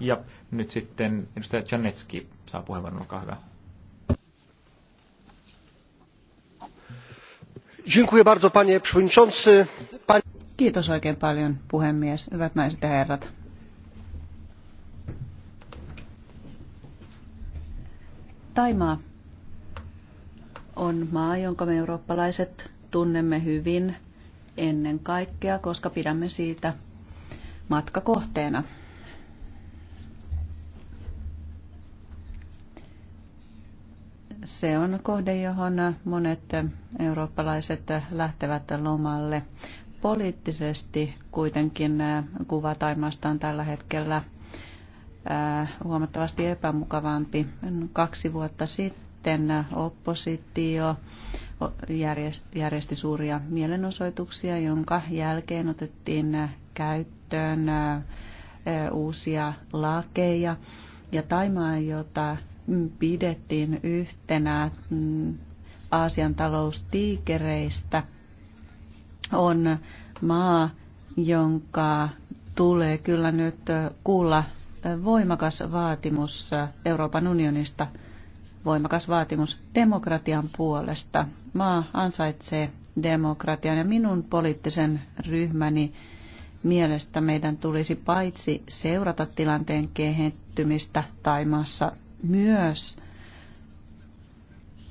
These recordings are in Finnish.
Ja nyt sitten edustaja Janetski saa puheenvuoron, olkaa hyvä. Kiitos oikein paljon puhemies, hyvät naiset ja herrat. Taimaa on maa, jonka me eurooppalaiset tunnemme hyvin ennen kaikkea, koska pidämme siitä matkakohteena. Se on kohde, johon monet eurooppalaiset lähtevät lomalle. Poliittisesti kuitenkin kuva Taimaasta on tällä hetkellä huomattavasti epämukavampi. Kaksi vuotta sitten oppositio järjesti suuria mielenosoituksia, jonka jälkeen otettiin käyttöön uusia lakeja. Ja Taimaa, jota pidettiin yhtenä mm, Aasian taloustiikereistä, on maa, jonka tulee kyllä nyt kuulla voimakas vaatimus Euroopan unionista, voimakas vaatimus demokratian puolesta. Maa ansaitsee demokratian ja minun poliittisen ryhmäni mielestä meidän tulisi paitsi seurata tilanteen kehittymistä Taimaassa myös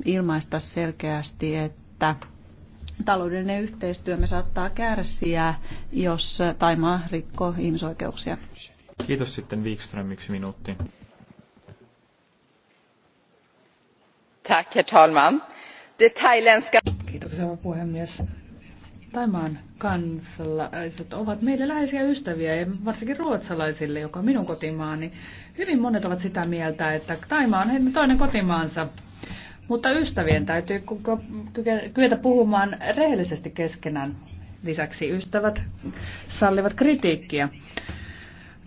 ilmaista selkeästi, että taloudellinen yhteistyömme saattaa kärsiä, jos Taimaa rikkoo ihmisoikeuksia. Kiitos sitten Wikström, yksi minuutti. Tack, herr talman. Det thailändska... Kiitoksia, puhemies Taimaan kansalaiset ovat meille läheisiä ystäviä ja varsinkin ruotsalaisille, joka on minun kotimaani. Hyvin monet ovat sitä mieltä, että Taimaa on heidän toinen kotimaansa. Mutta ystävien täytyy kyetä puhumaan rehellisesti keskenään. Lisäksi ystävät sallivat kritiikkiä.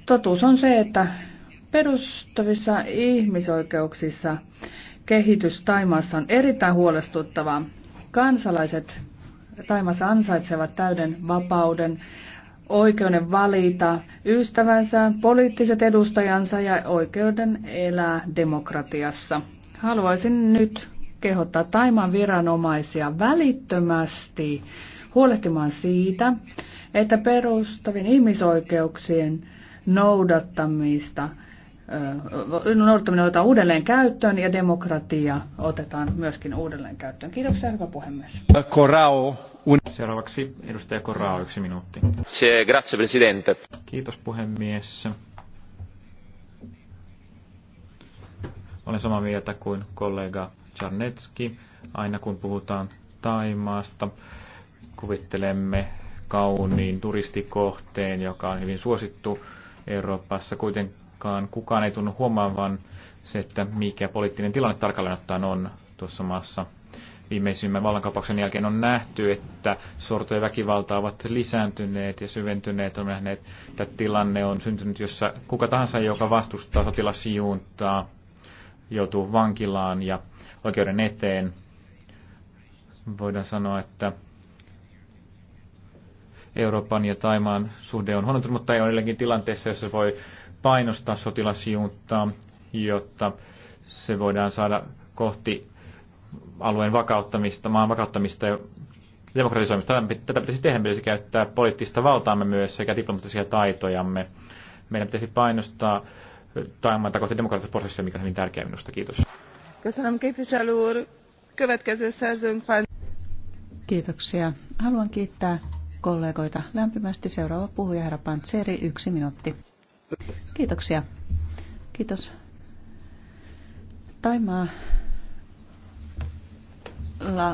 Totuus on se, että perustavissa ihmisoikeuksissa kehitys Taimaassa on erittäin huolestuttavaa. Kansalaiset Taimassa ansaitsevat täyden vapauden, oikeuden valita ystävänsä, poliittiset edustajansa ja oikeuden elää demokratiassa. Haluaisin nyt kehottaa Taiman viranomaisia välittömästi huolehtimaan siitä, että perustavin ihmisoikeuksien noudattamista noudattaminen otetaan uudelleen käyttöön ja demokratia otetaan myöskin uudelleen käyttöön. Kiitoksia, hyvä puhemies. Corrao. Seuraavaksi edustaja Corrao, yksi minuutti. Grazie, presidente. Kiitos puhemies. Olen samaa mieltä kuin kollega Czarnecki. Aina kun puhutaan Taimaasta, kuvittelemme kauniin turistikohteen, joka on hyvin suosittu Euroopassa. Kuitenkin kuitenkaan kukaan ei tunnu huomaavan se, että mikä poliittinen tilanne tarkalleen ottaen on tuossa maassa. Viimeisimmän vallankaupauksen jälkeen on nähty, että sorto ja väkivalta ovat lisääntyneet ja syventyneet. On nähnyt, että tilanne on syntynyt, jossa kuka tahansa, joka vastustaa sotilasjuuntaa, joutuu vankilaan ja oikeuden eteen. Voidaan sanoa, että Euroopan ja Taimaan suhde on huonontunut, mutta ei ole tilanteessa, jossa voi painostaa sotilasjuuttaa, jotta se voidaan saada kohti alueen vakauttamista, maan vakauttamista ja demokratisoimista. Tätä pitäisi tehdä, pitäisi käyttää poliittista valtaamme myös sekä diplomaattisia taitojamme. Meidän pitäisi painostaa taimaita kohti demokraattista prosessia, mikä on hyvin tärkeää minusta. Kiitos. Kiitoksia. Haluan kiittää kollegoita lämpimästi. Seuraava puhuja, herra Pantseri, yksi minuutti. Kiitoksia. Kiitos. Taimaa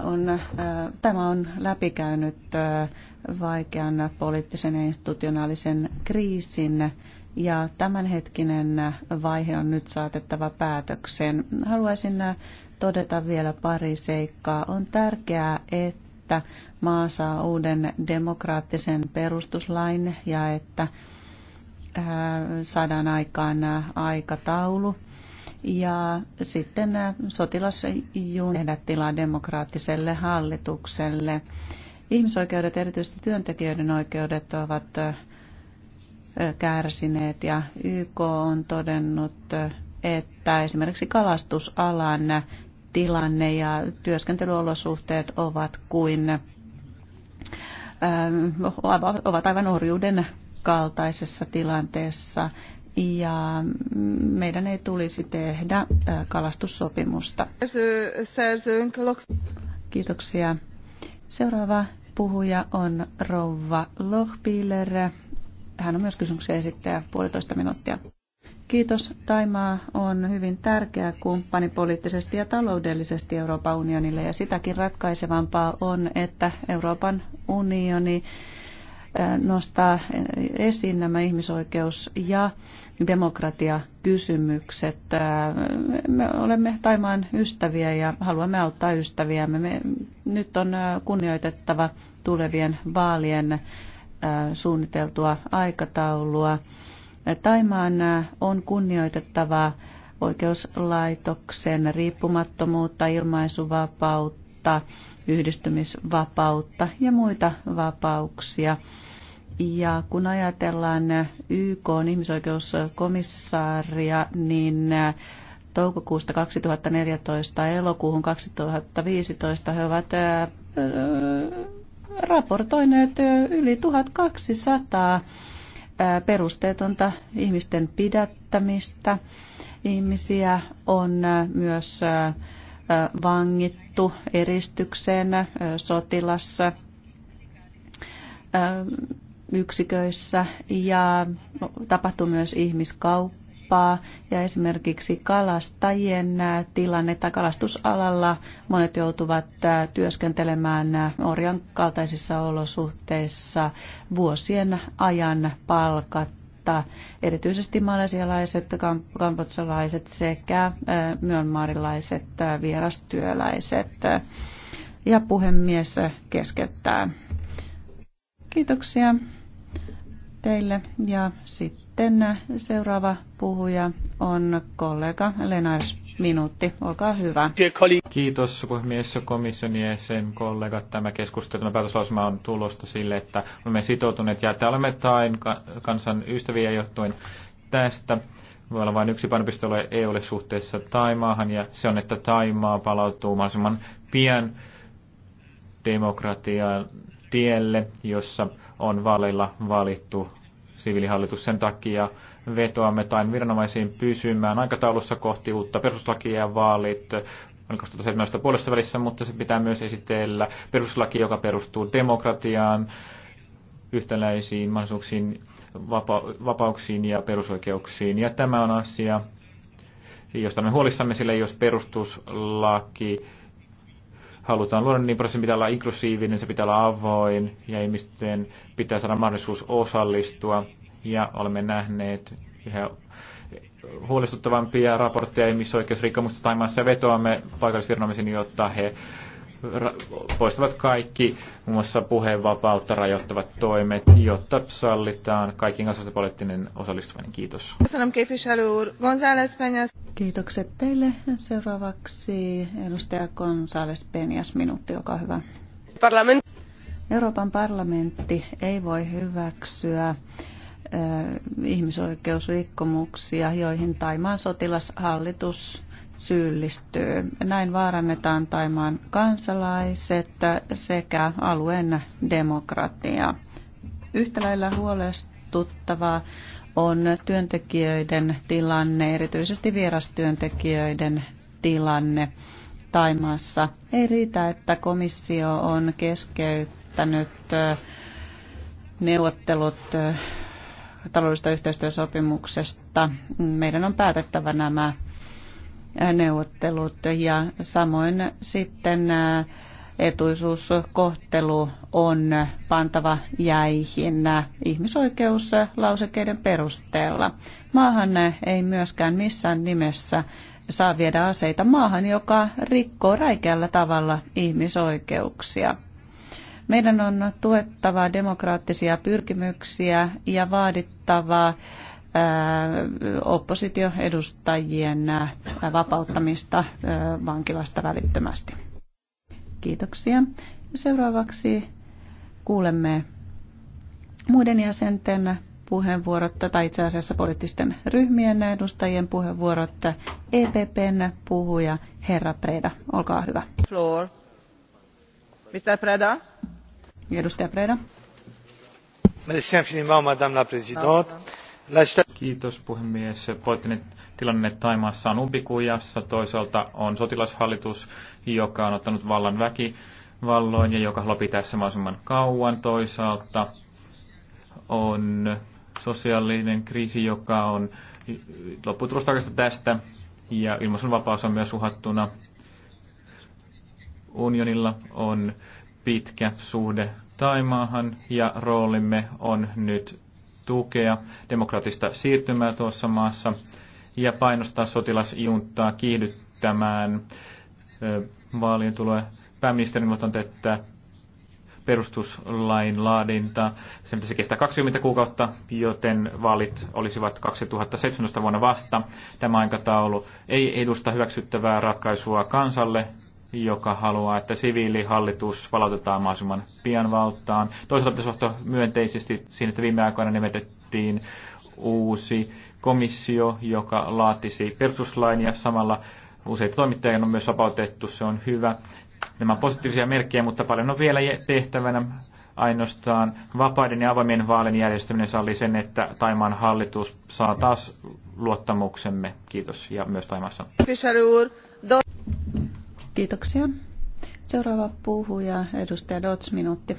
on, äh, tämä on läpikäynyt äh, vaikean poliittisen ja institutionaalisen kriisin ja tämänhetkinen vaihe on nyt saatettava päätökseen. Haluaisin äh, todeta vielä pari seikkaa. On tärkeää, että maa saa uuden demokraattisen perustuslain ja että Äh, saadaan aikaan äh, aikataulu. Ja sitten äh, sotilasjuun tehdä tilaa demokraattiselle hallitukselle. Ihmisoikeudet, erityisesti työntekijöiden oikeudet, ovat kärsineet ja YK on todennut, että esimerkiksi kalastusalan tilanne ja työskentelyolosuhteet ovat kuin ovat aivan orjuuden kaltaisessa tilanteessa ja meidän ei tulisi tehdä kalastussopimusta. Kiitoksia. Seuraava puhuja on rouva Lohpiler. Hän on myös kysymyksen esittäjä puolitoista minuuttia. Kiitos. Taimaa on hyvin tärkeä kumppani poliittisesti ja taloudellisesti Euroopan unionille ja sitäkin ratkaisevampaa on, että Euroopan unioni nostaa esiin nämä ihmisoikeus- ja demokratiakysymykset. Me olemme Taimaan ystäviä ja haluamme auttaa ystäviämme. Me, nyt on kunnioitettava tulevien vaalien suunniteltua aikataulua. Taimaan on kunnioitettava oikeuslaitoksen riippumattomuutta, ilmaisuvapautta, yhdistymisvapautta ja muita vapauksia. Ja kun ajatellaan YK on ihmisoikeuskomissaaria, niin toukokuusta 2014 elokuuhun 2015 he ovat raportoineet yli 1200 perusteetonta ihmisten pidättämistä. Ihmisiä on myös vangittu eristykseen sotilassa yksiköissä ja tapahtuu myös ihmiskauppaa ja esimerkiksi kalastajien tilanne tai kalastusalalla monet joutuvat työskentelemään orjan kaltaisissa olosuhteissa vuosien ajan palkat Erityisesti malesialaiset, kampotsalaiset sekä myönmaarilaiset vierastyöläiset. Ja puhemies keskeyttää. Kiitoksia teille. Ja sitten seuraava puhuja on kollega Lenars Minuutti. Olkaa hyvä. Kiitos puhemies komission jäsen kollegat. Tämä keskustelu, tämä päätöslausuma on tulosta sille, että olemme sitoutuneet ja että olemme tain kansan ystäviä johtuen tästä. Voi olla vain yksi painopiste ole EUlle suhteessa Taimaahan ja se on, että Taimaa palautuu mahdollisimman pian demokratiaan tielle, jossa on vaaleilla valittu siviilihallitus. Sen takia vetoamme tain viranomaisiin pysymään aikataulussa kohti uutta perustuslakia ja vaalit 2017 puolessa välissä, mutta se pitää myös esitellä perustuslaki, joka perustuu demokratiaan, yhtäläisiin mahdollisuuksiin, vapa- vapauksiin ja perusoikeuksiin. Ja tämä on asia, josta me huolissamme, sille, jos perustuslaki halutaan luoda, niin prosessin pitää olla inklusiivinen, se pitää olla avoin ja ihmisten pitää saada mahdollisuus osallistua. Ja olemme nähneet yhä huolestuttavampia raportteja ihmisoikeusrikkomusta Taimaassa ja vetoamme paikallisviranomaisiin, jotta he poistavat kaikki muun muassa puheenvapautta rajoittavat toimet, jotta sallitaan kaikkien kansallisten poliittinen osallistuminen. Kiitos. Kiitokset teille. Seuraavaksi edustaja González Penias, minuutti, joka hyvä. Parlament. Euroopan parlamentti ei voi hyväksyä ihmisoikeusrikkomuksia, joihin Taimaan sotilashallitus syyllistyy. Näin vaarannetaan Taimaan kansalaiset sekä alueen demokratia. Yhtä lailla huolestuttavaa on työntekijöiden tilanne, erityisesti vierastyöntekijöiden tilanne Taimaassa. Ei riitä, että komissio on keskeyttänyt neuvottelut taloudellisesta yhteistyösopimuksesta. Meidän on päätettävä nämä neuvottelut ja samoin sitten etuisuuskohtelu on pantava jäihin ihmisoikeuslausekkeiden perusteella. Maahan ei myöskään missään nimessä saa viedä aseita maahan, joka rikkoo räikeällä tavalla ihmisoikeuksia. Meidän on tuettava demokraattisia pyrkimyksiä ja vaadittava oppositioedustajien vapauttamista vankilasta välittömästi. Kiitoksia. Seuraavaksi kuulemme muiden jäsenten puheenvuorot tai itse asiassa poliittisten ryhmien edustajien puheenvuorot. EPPn puhuja herra Preda, olkaa hyvä. Floor. Mr. Preda. Edustaja Preda. Merci infiniment, madame la présidente. Kiitos puhemies. Poliittinen tilanne Taimaassa on umpikujassa. Toisaalta on sotilashallitus, joka on ottanut vallan väkivalloin ja joka lopi tässä mahdollisimman kauan. Toisaalta on sosiaalinen kriisi, joka on lopputulosta tästä. Ja ilmaisunvapaus on myös uhattuna. Unionilla on pitkä suhde Taimaahan ja roolimme on nyt tukea demokraattista siirtymää tuossa maassa ja painostaa sotilasjuntaa kiihdyttämään vaalien tulee Pääministeri on että perustuslain laadinta. Se pitäisi kestää 20 kuukautta, joten vaalit olisivat 2017 vuonna vasta. Tämä aikataulu ei edusta hyväksyttävää ratkaisua kansalle, joka haluaa, että siviilihallitus palautetaan mahdollisimman pian valtaan. Toisaalta suhtoi myönteisesti siinä, että viime aikoina nimetettiin uusi komissio, joka laatisi perustuslain ja samalla useita toimittajia on myös vapautettu. Se on hyvä. Nämä on positiivisia merkkejä, mutta paljon on vielä tehtävänä. Ainoastaan vapaiden ja avoimien vaalien järjestäminen salli sen, että Taimaan hallitus saa taas luottamuksemme. Kiitos ja myös Taimassa. Kiitoksia. Seuraava puhuja, edustaja Dots, minuutti.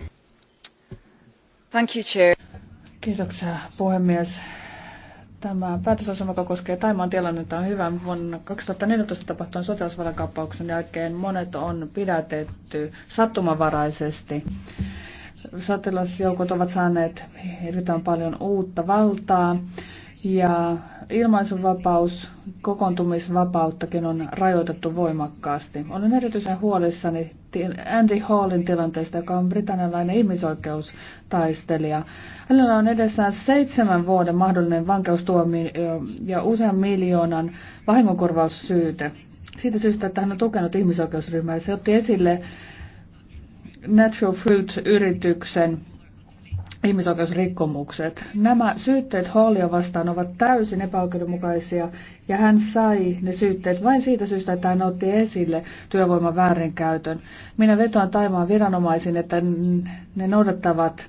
Thank you, Chair. Kiitoksia, puhemies. Tämä päätösasema, joka koskee Taimaan tilannetta, on hyvä. Vuonna 2014 tapahtuneen sotilasvallankaappauksen jälkeen monet on pidätetty sattumavaraisesti. Sotilasjoukot ovat saaneet hirveän paljon uutta valtaa ja ilmaisuvapaus, kokoontumisvapauttakin on rajoitettu voimakkaasti. Olen erityisen huolissani Andy Hallin tilanteesta, joka on britannialainen ihmisoikeustaistelija. Hänellä on edessään seitsemän vuoden mahdollinen vankeustuomi ja usean miljoonan vahingonkorvaussyyte. Siitä syystä, että hän on tukenut ihmisoikeusryhmää ja se otti esille Natural Fruit-yrityksen ihmisoikeusrikkomukset. Nämä syytteet Hallia vastaan ovat täysin epäoikeudenmukaisia ja hän sai ne syytteet vain siitä syystä, että hän otti esille työvoiman väärinkäytön. Minä vetoan Taimaan viranomaisiin, että ne noudattavat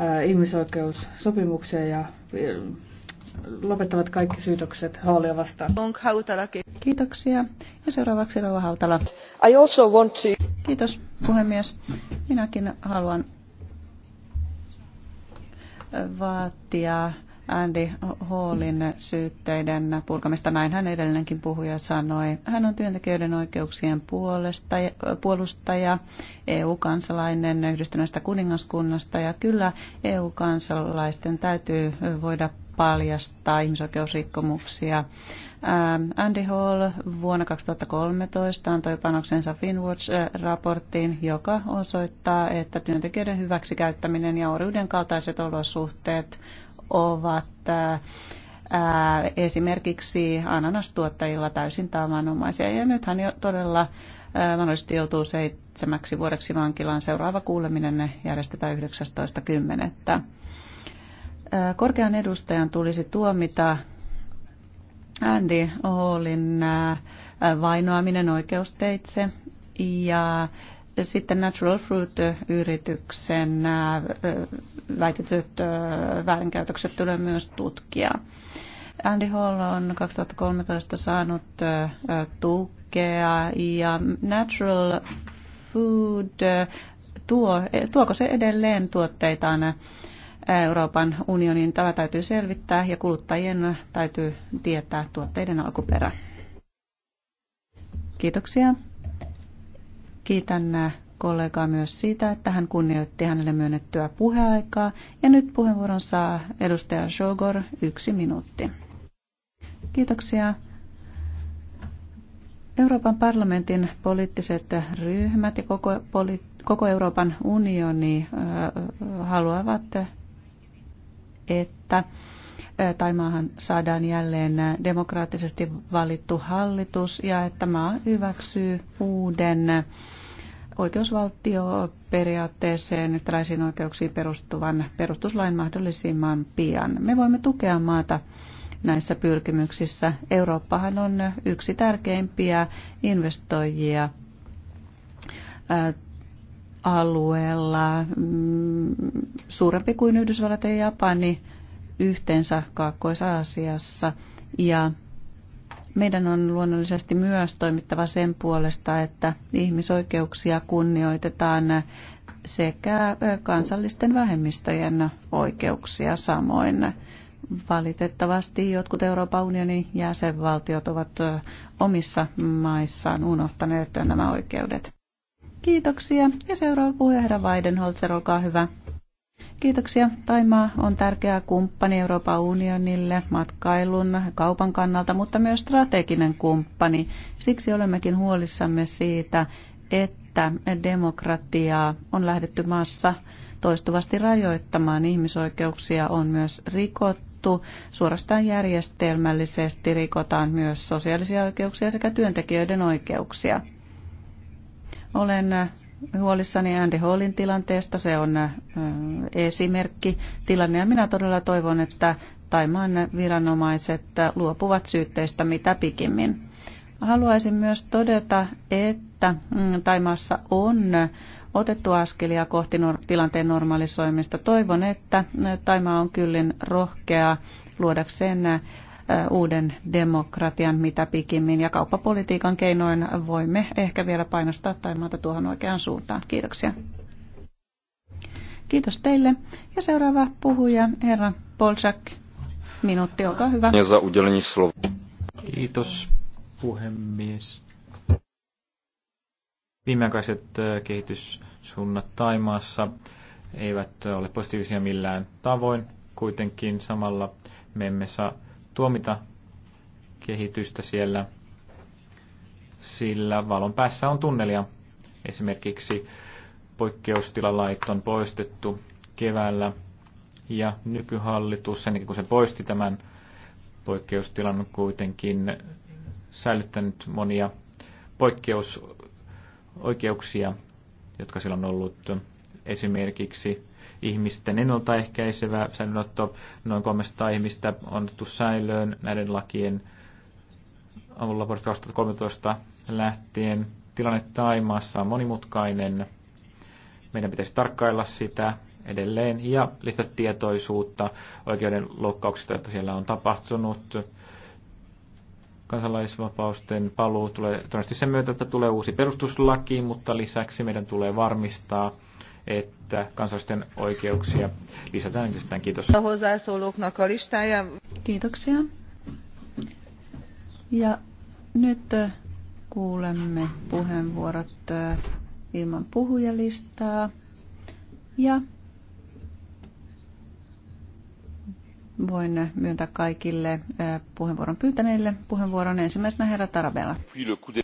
äh, ihmisoikeussopimuksia ja äh, lopettavat kaikki syytökset Hallia vastaan. Kiitoksia. Ja seuraavaksi Rauha Hautala. I also want to... Kiitos puhemies. Minäkin haluan vaatia Andy Hallin syytteiden purkamista. hän edellinenkin puhuja sanoi. Hän on työntekijöiden oikeuksien puolesta, puolustaja, EU-kansalainen yhdistyneestä kuningaskunnasta ja kyllä EU-kansalaisten täytyy voida paljastaa ihmisoikeusrikkomuksia Andy Hall vuonna 2013 antoi panoksensa Finwatch-raporttiin, joka osoittaa, että työntekijöiden hyväksikäyttäminen ja orjuuden kaltaiset olosuhteet ovat esimerkiksi ananastuottajilla täysin tavanomaisia. Ja nythän jo todella mahdollisesti joutuu seitsemäksi vuodeksi vankilaan. Seuraava kuuleminen järjestetään 19.10. Korkean edustajan tulisi tuomita Andy Hallin äh, vainoaminen oikeusteitse ja sitten Natural Fruit-yrityksen äh, äh, väitetyt väärinkäytökset tulee myös tutkia. Andy Hall on 2013 saanut tukea ja Natural Food, tuo, tuoko se edelleen tuotteitaan Euroopan unionin. Tämä täytyy selvittää ja kuluttajien täytyy tietää tuotteiden alkuperä. Kiitoksia. Kiitän äh, kollegaa myös siitä, että hän kunnioitti hänelle myönnettyä puheaikaa. Ja nyt puheenvuoron saa edustaja Shogor yksi minuutti. Kiitoksia. Euroopan parlamentin poliittiset ryhmät ja koko, poli, koko Euroopan unioni äh, haluavat että Taimaahan saadaan jälleen demokraattisesti valittu hallitus ja että maa hyväksyy uuden oikeusvaltioperiaatteeseen, yhtäläisiin oikeuksiin perustuvan perustuslain mahdollisimman pian. Me voimme tukea maata näissä pyrkimyksissä. Eurooppahan on yksi tärkeimpiä investoijia alueella mm, suurempi kuin Yhdysvallat ja Japani yhteensä Kaakkois-Aasiassa. Ja meidän on luonnollisesti myös toimittava sen puolesta, että ihmisoikeuksia kunnioitetaan sekä kansallisten vähemmistöjen oikeuksia samoin. Valitettavasti jotkut Euroopan unionin jäsenvaltiot ovat omissa maissaan unohtaneet nämä oikeudet. Kiitoksia. Ja seuraava puheenjohtaja Weidenholzer, olkaa hyvä. Kiitoksia. Taimaa on tärkeä kumppani Euroopan unionille matkailun, kaupan kannalta, mutta myös strateginen kumppani. Siksi olemmekin huolissamme siitä, että demokratiaa on lähdetty maassa toistuvasti rajoittamaan. Ihmisoikeuksia on myös rikottu. Suorastaan järjestelmällisesti rikotaan myös sosiaalisia oikeuksia sekä työntekijöiden oikeuksia. Olen huolissani Andy Hallin tilanteesta. Se on esimerkki tilanne ja minä todella toivon, että Taimaan viranomaiset luopuvat syytteistä mitä pikimmin. Haluaisin myös todeta, että mm, Taimassa on otettu askelia kohti tilanteen normalisoimista. Toivon, että Taima on kyllin rohkea luodakseen uuden demokratian mitä pikimmin ja kauppapolitiikan keinoin voimme ehkä vielä painostaa Taimaata tuohon oikeaan suuntaan. Kiitoksia. Kiitos teille. Ja seuraava puhuja, herra Polsak. Minuutti, olkaa hyvä. Kiitos, puhemies. Viimeaikaiset kehityssuunnat Taimaassa eivät ole positiivisia millään tavoin. Kuitenkin samalla me emme saa tuomita kehitystä siellä, sillä valon päässä on tunnelia. Esimerkiksi poikkeustilalait on poistettu keväällä ja nykyhallitus, sen kun se poisti tämän poikkeustilan, kuitenkin säilyttänyt monia poikkeusoikeuksia, jotka sillä on ollut esimerkiksi ihmisten ennaltaehkäisevä säilönotto. Noin 300 ihmistä on otettu säilöön näiden lakien avulla vuodesta 2013 lähtien. Tilanne Taimaassa on monimutkainen. Meidän pitäisi tarkkailla sitä edelleen ja lisätä tietoisuutta oikeuden loukkauksista, että siellä on tapahtunut. Kansalaisvapausten paluu tulee todennäköisesti sen myötä, että tulee uusi perustuslaki, mutta lisäksi meidän tulee varmistaa, että kansallisten oikeuksia lisätään entisestään. Kiitos. Kiitoksia. Ja nyt kuulemme puheenvuorot eh, ilman puhujalistaa. Ja voin myöntää kaikille eh, puheenvuoron pyytäneille puheenvuoron ensimmäisenä herra Tarabella.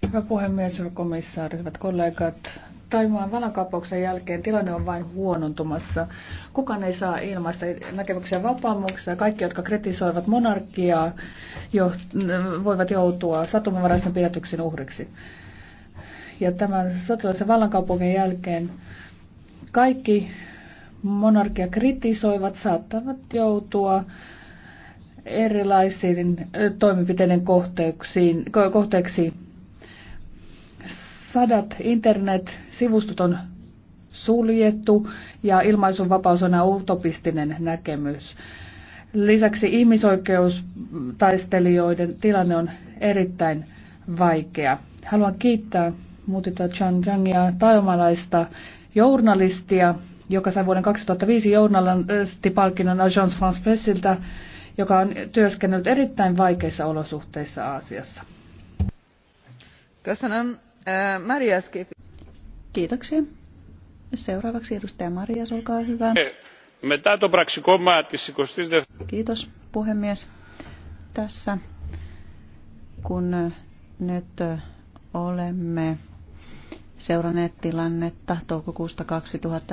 Hyvä puhemies, hyvä komissaari, hyvät kollegat. Taimaan vallankaappauksen jälkeen tilanne on vain huonontumassa. Kukaan ei saa ilmaista näkemyksiä vapaamuksia. Kaikki, jotka kritisoivat monarkiaa, jo, mm, voivat joutua satumavaraisten pidätyksen uhriksi. Ja tämän sotilaisen vallankaupungin jälkeen kaikki monarkia kritisoivat saattavat joutua erilaisiin toimenpiteiden kohteeksi, kohteeksi Sadat internet-sivustot on suljettu ja ilmaisunvapaus on utopistinen näkemys. Lisäksi ihmisoikeustaistelijoiden tilanne on erittäin vaikea. Haluan kiittää Mutita Chanjangia, taimalaista journalistia, joka sai vuoden 2005 journalistipalkinnon Agence France Pressiltä, joka on työskennellyt erittäin vaikeissa olosuhteissa Aasiassa. Köszönöm. Äh, Kiitoksia. Seuraavaksi Kiitos puhemies. Tässä kun nyt olemme seuranneet tilannetta toukokuusta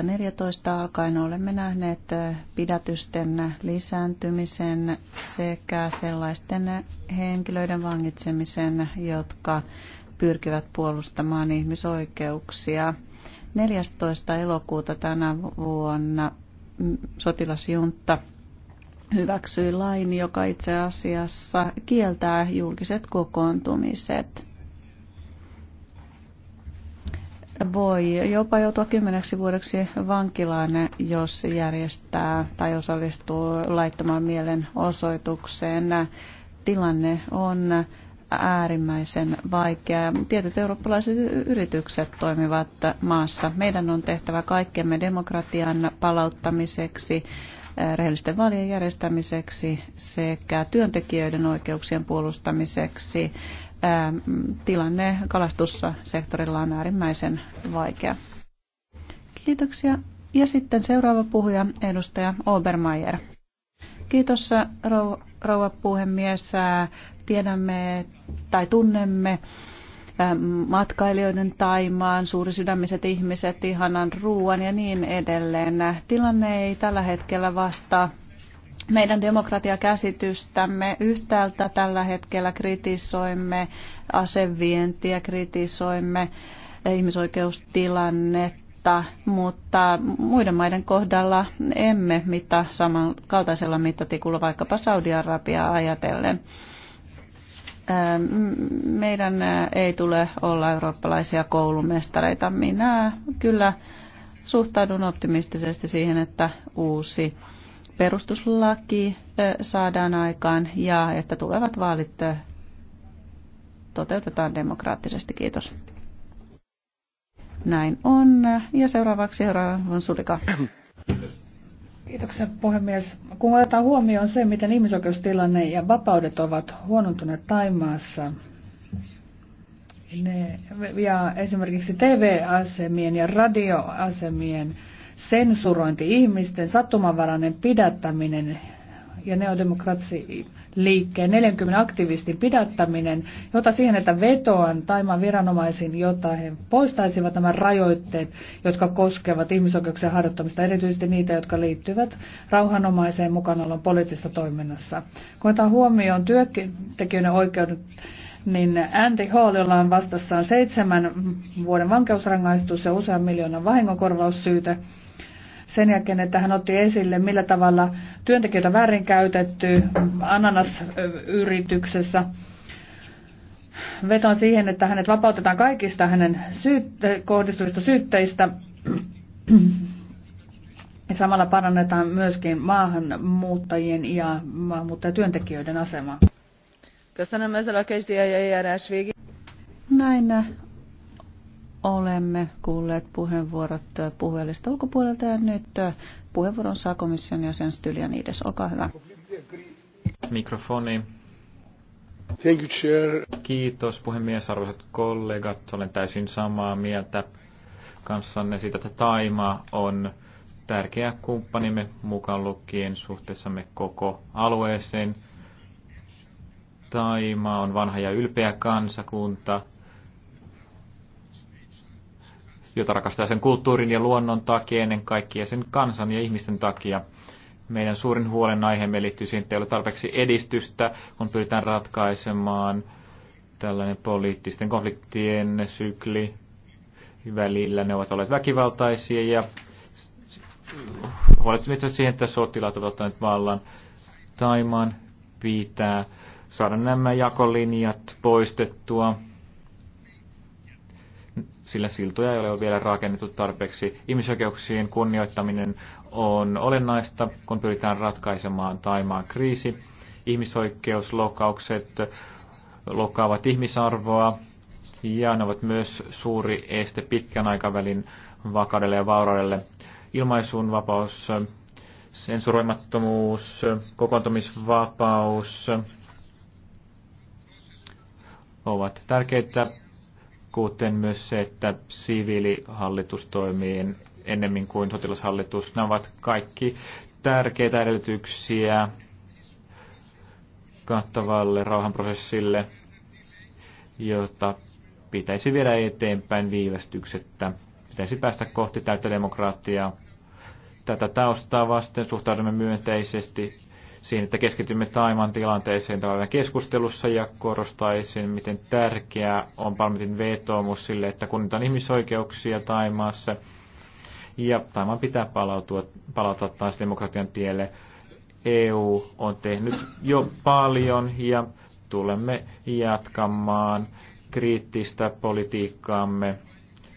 neljätoista alkaen olemme nähneet pidätysten lisääntymisen sekä sellaisten henkilöiden vangitsemisen, jotka pyrkivät puolustamaan ihmisoikeuksia. 14. elokuuta tänä vuonna sotilasjunta hyväksyi lain, joka itse asiassa kieltää julkiset kokoontumiset. Voi jopa joutua kymmeneksi vuodeksi vankilaan, jos järjestää tai osallistuu laittamaan mielenosoitukseen. Tilanne on äärimmäisen vaikeaa. Tietyt eurooppalaiset yritykset toimivat maassa. Meidän on tehtävä kaikkemme demokratian palauttamiseksi, eh, rehellisten vaalien järjestämiseksi sekä työntekijöiden oikeuksien puolustamiseksi. Eh, tilanne kalastussektorilla on äärimmäisen vaikea. Kiitoksia. Ja sitten seuraava puhuja, edustaja Obermeier. Kiitos rouva puhemies tiedämme tai tunnemme ähm, matkailijoiden taimaan, suurisydämiset ihmiset, ihanan ruoan ja niin edelleen. Tilanne ei tällä hetkellä vastaa meidän demokratiakäsitystämme. Yhtäältä tällä hetkellä kritisoimme asevientiä, kritisoimme äh, ihmisoikeustilannetta, mutta muiden maiden kohdalla emme mitä samankaltaisella mittatikulla vaikkapa Saudi-Arabiaa ajatellen. Ähm, meidän äh, ei tule olla eurooppalaisia koulumestareita. Minä kyllä suhtaudun optimistisesti siihen, että uusi perustuslaki saadaan aikaan ja että tulevat vaalit toteutetaan demokraattisesti. Kiitos. Näin on. Ja seuraavaksi seuraava on Sulika. Kiitoksia puhemies. Kun otetaan huomioon se, miten ihmisoikeustilanne ja vapaudet ovat huonontuneet Taimaassa, ne, ja esimerkiksi TV-asemien ja radioasemien sensurointi, ihmisten sattumanvarainen pidättäminen ja neodemokraatsi liikkeen 40 aktivistin pidättäminen, jota siihen, että vetoan Taiman viranomaisiin, jotta he poistaisivat nämä rajoitteet, jotka koskevat ihmisoikeuksien harjoittamista, erityisesti niitä, jotka liittyvät rauhanomaiseen mukanaolon poliittisessa toiminnassa. Kun otetaan huomioon työntekijöiden oikeudet, niin Andy Hall, jolla on vastassaan seitsemän vuoden vankeusrangaistus ja usean miljoonan vahingonkorvaussyytä, sen jälkeen, että hän otti esille, millä tavalla työntekijöitä väärinkäytetty ananasyrityksessä. Vetoan siihen, että hänet vapautetaan kaikista hänen syytte- eh, kohdistuvista syytteistä. Ja samalla parannetaan myöskin maahanmuuttajien ja maahanmuuttajatyöntekijöiden asemaa. Köszönöm ezzel a kezdélyeljárás végig. Näin olemme kuulleet puheenvuorot puhujalista ulkopuolelta ja nyt puheenvuoron saa komission jäsen Stylianides. Olkaa hyvä. Mikrofoni. Thank you, chair. Kiitos puhemies, arvoisat kollegat. Olen täysin samaa mieltä kanssanne siitä, että Taima on tärkeä kumppanimme mukaan lukien suhteessamme koko alueeseen. Taima on vanha ja ylpeä kansakunta, jota rakastaa sen kulttuurin ja luonnon takia ennen kaikkea sen kansan ja ihmisten takia. Meidän suurin huolenaiheemme liittyy siihen, että ei ole tarpeeksi edistystä, kun pyritään ratkaisemaan tällainen poliittisten konfliktien sykli välillä. Ne ovat olleet väkivaltaisia ja huolehtivat siihen, että sotilaat ovat ottaneet vallan. Taimaan pitää saada nämä jakolinjat poistettua sillä siltoja ei ole vielä rakennettu tarpeeksi. Ihmisoikeuksien kunnioittaminen on olennaista, kun pyritään ratkaisemaan Taimaan kriisi. Ihmisoikeusloukkaukset loukkaavat ihmisarvoa ja ne ovat myös suuri este pitkän aikavälin vakaudelle ja vauraudelle. Ilmaisun vapaus, sensuroimattomuus, kokoontumisvapaus ovat tärkeitä kuten myös se, että siviilihallitus toimii ennemmin kuin sotilashallitus. Nämä ovat kaikki tärkeitä edellytyksiä kattavalle rauhanprosessille, jota pitäisi viedä eteenpäin viivästyksettä. Pitäisi päästä kohti täyttä demokraattiaa. Tätä taustaa vasten suhtaudumme myönteisesti siinä, että keskitymme Taiman tilanteeseen tavallaan keskustelussa ja korostaisin, miten tärkeää on Palmetin vetoomus sille, että kunnitaan ihmisoikeuksia Taimaassa ja Taimaan pitää palautua, palautua taas demokratian tielle. EU on tehnyt jo paljon ja tulemme jatkamaan kriittistä politiikkaamme,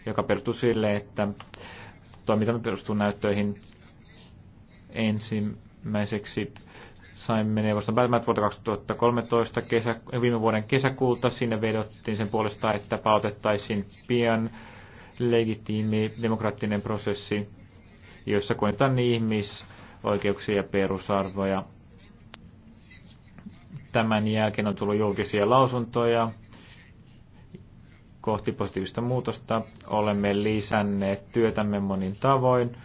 joka perustuu sille, että toimintamme perustuu näyttöihin ensimmäiseksi saimme neuvoston päätelmät vuotta 2013 kesä, viime vuoden kesäkuulta Sinne vedottiin sen puolesta, että palautettaisiin pian legitiimi demokraattinen prosessi, jossa koetaan ihmisoikeuksia ja perusarvoja. Tämän jälkeen on tullut julkisia lausuntoja kohti positiivista muutosta. Olemme lisänneet työtämme monin tavoin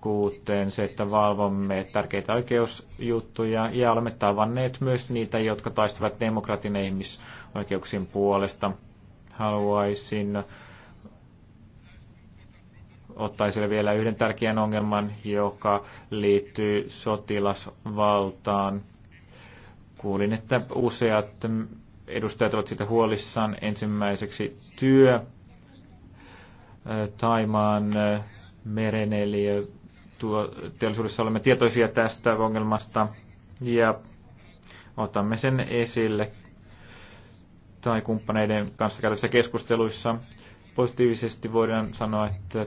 tarkkuuteen, se, että valvomme tärkeitä oikeusjuttuja ja olemme tavanneet myös niitä, jotka taistavat demokratin ja ihmisoikeuksien puolesta. Haluaisin ottaa esille vielä yhden tärkeän ongelman, joka liittyy sotilasvaltaan. Kuulin, että useat edustajat ovat siitä huolissaan. Ensimmäiseksi työ Taimaan mereneliö tuo, teollisuudessa olemme tietoisia tästä ongelmasta ja otamme sen esille tai kumppaneiden kanssa käytössä keskusteluissa. Positiivisesti voidaan sanoa, että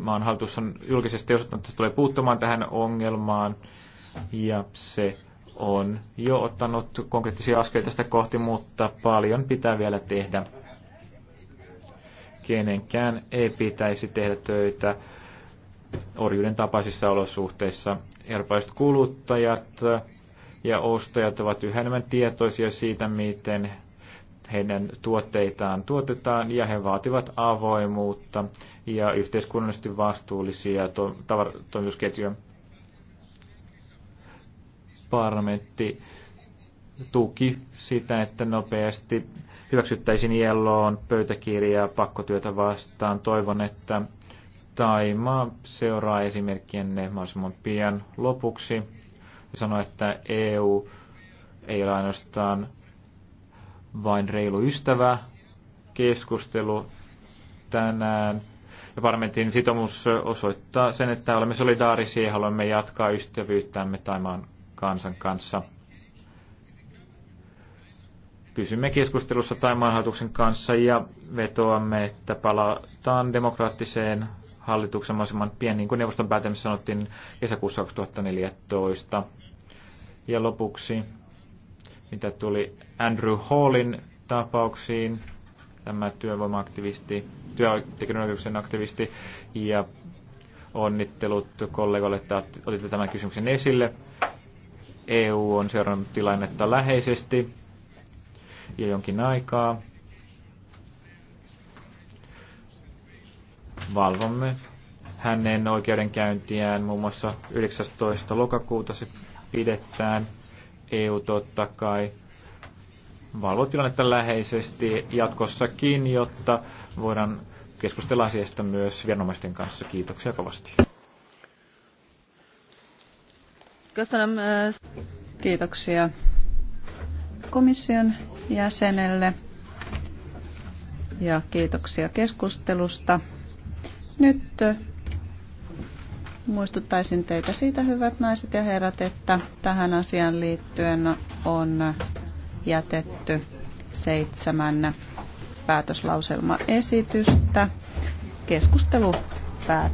maan hallitus on julkisesti osoittanut, että se tulee puuttumaan tähän ongelmaan ja se on jo ottanut konkreettisia askeleita tästä kohti, mutta paljon pitää vielä tehdä. Kenenkään ei pitäisi tehdä töitä orjuuden tapaisissa olosuhteissa. Erpaiset kuluttajat ja ostajat ovat yhä enemmän tietoisia siitä, miten heidän tuotteitaan tuotetaan ja he vaativat avoimuutta ja yhteiskunnallisesti vastuullisia to- tavar- toimitusketjuja. Parlamentti tuki sitä, että nopeasti hyväksyttäisiin jelloon pöytäkirjaa pakkotyötä vastaan. Toivon, että Taima seuraa esimerkkienne mahdollisimman pian lopuksi ja sanoi, että EU ei ole ainoastaan vain reilu ystävä. Keskustelu tänään ja parlamentin sitomus osoittaa sen, että olemme solidaarisia ja haluamme jatkaa ystävyyttämme Taimaan kansan kanssa. Pysymme keskustelussa Taimaan hallituksen kanssa ja vetoamme, että palataan demokraattiseen hallituksen mahdollisimman pieni. niin kuin neuvoston päätelmissä sanottiin kesäkuussa 2014. Ja lopuksi, mitä tuli Andrew Hallin tapauksiin, tämä työvoimaaktivisti, työtekijöiden aktivisti, ja onnittelut kollegoille, että otitte tämän kysymyksen esille. EU on seurannut tilannetta läheisesti jo jonkin aikaa. valvomme hänen oikeudenkäyntiään muun muassa 19. lokakuuta se pidetään. EU totta kai valvoo tilannetta läheisesti jatkossakin, jotta voidaan keskustella asiasta myös viranomaisten kanssa. Kiitoksia kovasti. Kiitoksia komission jäsenelle ja kiitoksia keskustelusta. Nyt muistuttaisin teitä siitä, hyvät naiset ja herrat, että tähän asiaan liittyen on jätetty seitsemän päätöslauselmaesitystä. Keskustelu päättyy.